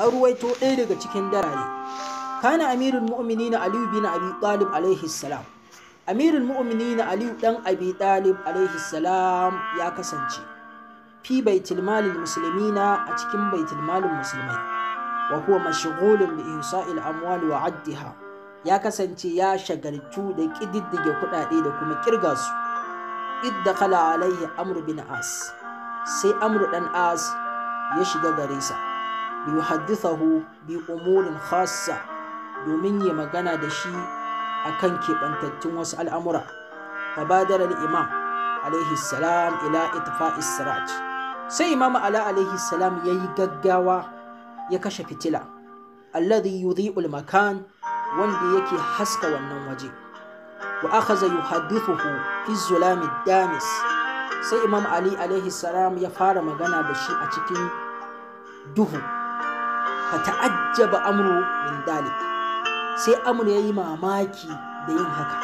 an ruwaito ɗaya daga cikin darare kana amirul mu'minina aliyu bin abi talib alaihi salam amirul mu'minina aliyu dan abi talib alaihi ya kasance fi baitul malil muslimina a cikin baitul musulmai wa huwa mashghulun bi ihsa'il amwal wa 'addiha ya kasance ya shagaltu da kididdige kuɗaɗe da kuma kirga su idda kala alaihi amru bin as sai amru dan as ya shiga gare sa bi yuhaddithahu bi umurin khassa domin ya magana da shi akan keɓantattun wasu al'amura fabadar imam alaihi salam ila itfa'is sirat sai imam ala alaihi salam ya yi gaggawa ya kashe fitila alladhi yudhi'ul makan wanda yake haska wannan waje wa akhadha yuhaddithuhu fi zulami damis sai imam ali alaihi salam ya fara magana da shi a cikin duhu fata'ajjaba ta'ajjaba amru min dalik sai amr ya yi mamaki da yin haka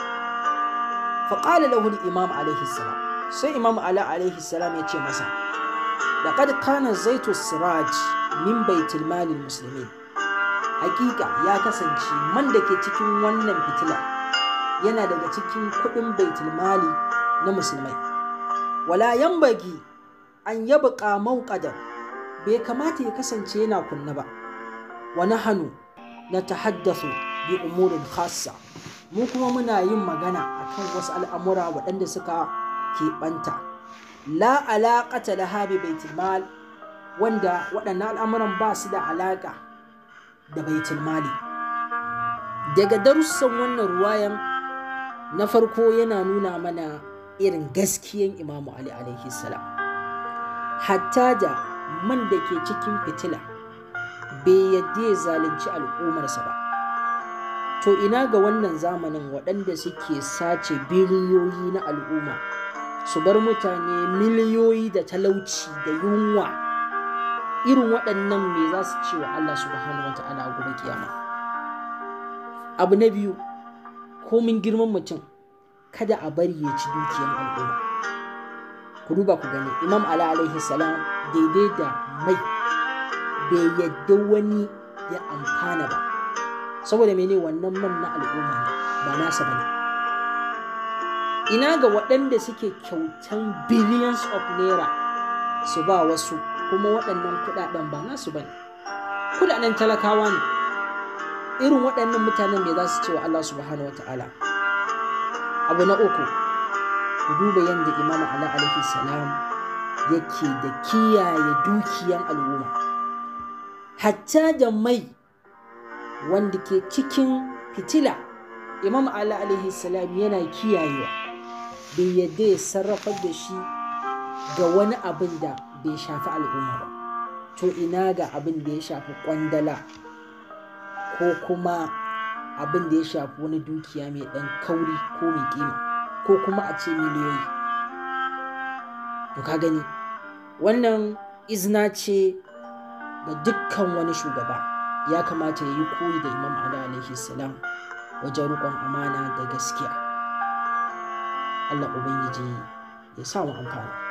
fa qala imam alaihi salam sai imam ali alaihi salam ya ce masa laqad kana zaitu siraj min baitil malil musulmi. hakika ya kasance man da ke cikin wannan fitila yana daga cikin kuɗin baitul mali na musulmai wala yambagi an yaba ƙamau ƙadar bai kamata ya kasance yana kunna ba Wani wa nahanu natahaddathu bi umurin khassa mu kuma muna yin magana akan wasu al'amura waɗanda suka keɓanta la alaƙata laha bi baitul mal wanda waɗannan al'amuran ba su da alaƙa da baitul mali daga darussan wannan ruwayan na farko yana nuna mana irin gaskiyan imamu ali alaihi salam hatta da man da ke cikin fitila bai yadda ya zalunci al'ummarsa ba to ina ga wannan zamanin waɗanda suke sace biliyoyi na al'umma su bar mutane miliyoyi da talauci da yunwa irin waɗannan me za su ce wa Allah subhanahu wa ta'ala a gobe kiyama abu na biyu komin girman mutum kada a bari ya ci dukiyar al'umma ku duba ku gani imam ala alaihi salam daidai da mai bai yadda wani ya amfana ba saboda mene wannan man na al'umma ne ba nasa ba ne ina ga waɗanda suke kyautan billions of naira su ba wasu kuma waɗannan kuɗaɗen ba nasu ba ne kuɗaɗen talakawa ne irin waɗannan mutanen me za su ce wa Allah subhanahu wa ta'ala abu na uku ku duba yadda imam ala alaihi salam yake da kiyaye dukiyan al'umma Hatta da mai wanda ke cikin fitila imam ali alaihi salam yana kiyayewa bai yadda ya sarrafa da shi ga wani abin da bai shafi al'umma ba to ina ga abin da ya shafi kwandala ko kuma abin da ya shafi wani dukiya mai ɗan kauri ko mai kima ko kuma a ce miliyoyi to ka gani wannan izna ce da dukkan wani shugaba ya kamata ya yi koyi da imam ali alaihi salam wajen rikon amana da gaskiya allah ubangiji ya samu amfani